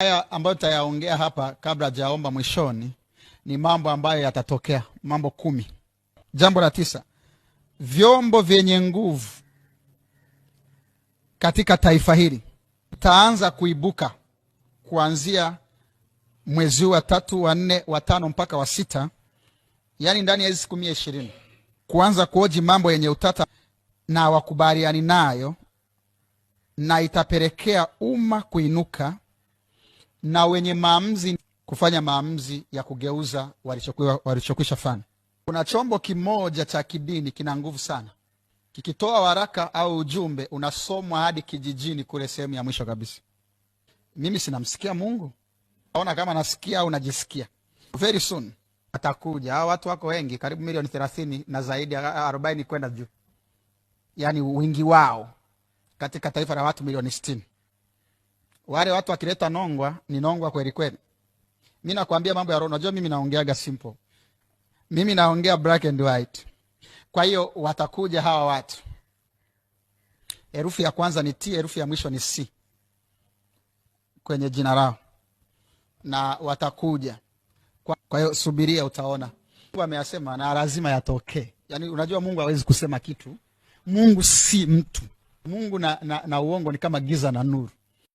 Haya ambayo tutayaongea hapa kabla hajaomba mwishoni ni mambo ambayo yatatokea, mambo kumi. Jambo la tisa, vyombo vyenye nguvu katika taifa hili taanza kuibuka kuanzia mwezi huu wa tatu, wa nne, wa tano mpaka wa sita, yaani ndani ya hizi siku mia ishirini kuanza kuoji mambo yenye utata na wakubaliani nayo, na itapelekea umma kuinuka na wenye maamuzi kufanya maamuzi ya kugeuza walichokwisha fanya. Kuna chombo kimoja cha kidini kina nguvu sana, kikitoa waraka au ujumbe unasomwa hadi kijijini kule sehemu ya mwisho kabisa. Mimi sinamsikia Mungu, naona kama nasikia au najisikia. Very soon atakuja. Hawa watu wako wengi, karibu milioni thelathini na zaidi ya arobaini kwenda juu, yaani wingi wao katika taifa la watu milioni sitini wale watu wakileta nongwa ni nongwa kweli kweli. Mi nakwambia mambo ya roho, najua mimi naongeaga simple, mimi naongea black and white. Kwa hiyo watakuja hawa watu, herufi ya kwanza ni T, herufi ya mwisho ni C kwenye jina lao, na watakuja. Kwa hiyo subiria, utaona ameyasema na lazima yatokee. Yani unajua Mungu hawezi kusema kitu. Mungu si mtu. Mungu na, na, na uongo ni kama giza na nuru.